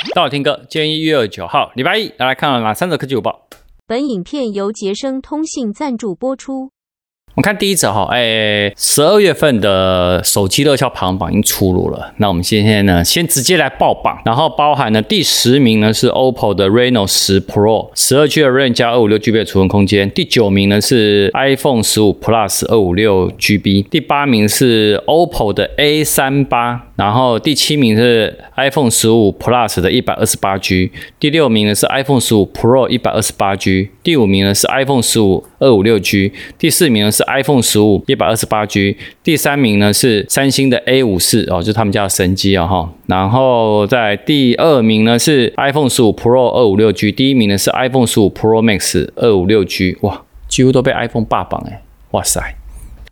好，到我 Tim 哥，今天一月二九號，禮拜一，大家看了哪三個科技午報？本影片由傑生通信贊助播出。我們看第一則哈、哦、誒，十二月份的手機熱銷排行榜已經出爐了。那我們現在呢，先直接來報榜，然後包含了第十名呢是 OPPO 的 Reno 十 Pro，十二 G 的 RAM 加二五六 G B 的儲存空間。第九名呢是 iPhone 十五 Plus 二五六 G B，GB，第八名是 OPPO 的 A 三八。然後第七名是 iPhone 十五 Plus 的一百二十八 G，第六名呢是 iPhone 十五 Pro 一百二十八 G，第五名呢是 iPhone 十五二五六 G，第四名呢是 iPhone 十五一百二十八 G，第三名呢是三星的 A 五四哦，就是他們家的神機啊、哦、哈。然後在第二名呢是 iPhone 十五 Pro 二五六 G，第一名呢是 iPhone 十五 Pro Max 二五六 G，哇，幾乎都被 iPhone 霸榜誒，哇塞。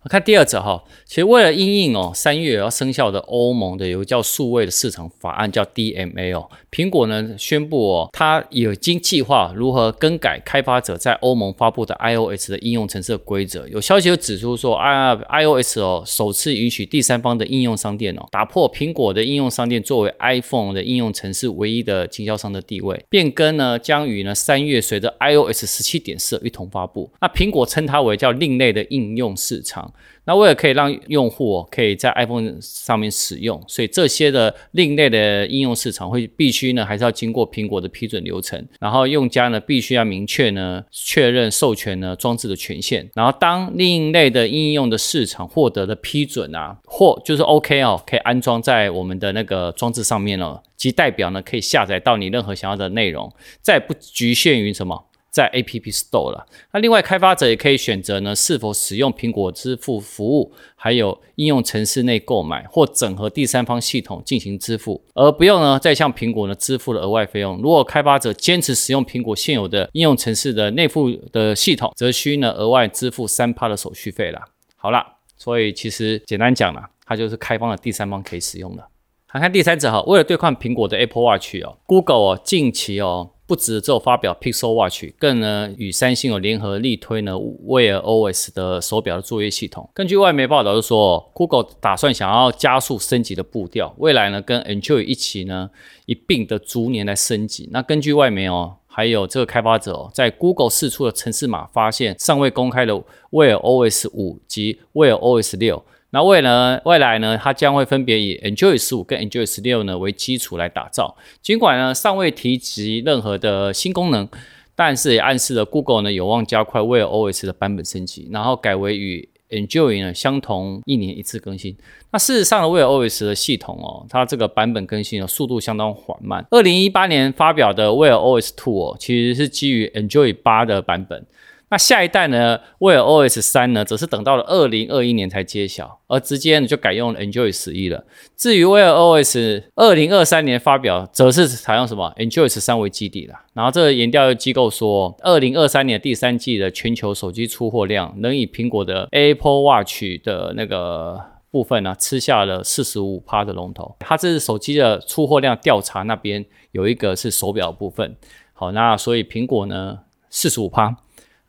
我看第二者哈，其實為了因應哦，三月要生效的歐盟的有個叫數位的市場法案叫 DMA 哦，蘋果呢宣布哦，它已經計劃如何更改開發者在歐盟發布的 iOS 的應用程式的規則。有消息又指出說，啊，iOS 哦首次允許第三方的應用商店哦打破蘋果的應用商店作為 iPhone 的應用程式唯一的經銷商的地位。變更呢將於呢三月隨着 iOS 十七點四一同發布。那蘋果稱它為叫另類的應用市場。那為了可以讓用戶哦可以在 iPhone 上面使用，所以這些的另類的應用市場會必須呢還是要經過蘋果的批准流程，然後用家呢必須要明確呢確認授權呢裝置的權限，然後當另類的應用的市場獲得的批准啊或就是 OK 哦，可以安裝在我們的那個裝置上面了哦，即代表呢可以下載到你任何想要的內容，再不局限於什麼，在 App Store 了。那另外，開發者也可以選擇呢是否使用蘋果支付服務，還有應用程式內購買或整合第三方系統進行支付，而不用呢再向蘋果呢支付了額外費用。如果開發者堅持使用蘋果現有的應用程式的內付的系統，則需呢額外支付三趴的手續費啦。好啦，所以其實簡單講啦，它就是開放的第三方可以使用的。來看第三者哈，為了對抗蘋果的 Apple Watch 哦，Google 哦近期哦。不止只有發表 Pixel Watch，更呢與三星有聯合力推呢 Wear OS 的手錶的作業系統。根據外媒報道，就說 Google 打算想要加速升級的步調，未來呢跟 Enjoy 一起呢一併的逐年來升級。那根據外媒哦，還有這個開發者、哦、在 Google 釋出的程式碼，發現尚未公開的 Wear OS 五及 Wear OS 六。那未來呢，未來呢，它將會分別以 Android 十五跟 Android 十六呢為基礎來打造。儘管呢，尚未提及任何的新功能，但是也暗示了 Google 呢有望加快 Wear OS 的版本升級，然後改為與 Android 呢相同一年一次更新。那事實上的 Wear OS 的系統哦，它這個版本更新的速度相當緩慢。二零一八年發表的 Wear OS 2哦，其實是基於 Android 八的版本。那下一代呢？Wear OS 三呢，則是等到了二零二一年才揭曉，而直接呢就改用 Android 十一了。至於 Wear OS，二零二三年發表，則是採用什麼 Android 十三為基底了。然後這個研調機構說，二零二三年第三季的全球手機出貨量，仍以蘋果的 Apple Watch 的那個部分呢，吃下了四十五趴的龍頭。它這是手機的出貨量調查那邊有一個是手錶的部分。好，那所以蘋果呢，四十五趴。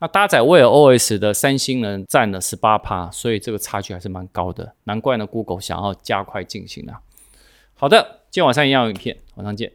那搭載 Wear OS 的三星人，佔了十八趴，所以這個差距還是蠻高的，難怪呢。Google 想要加快進行了。好的，今天晚上一樣有影片，晚上見。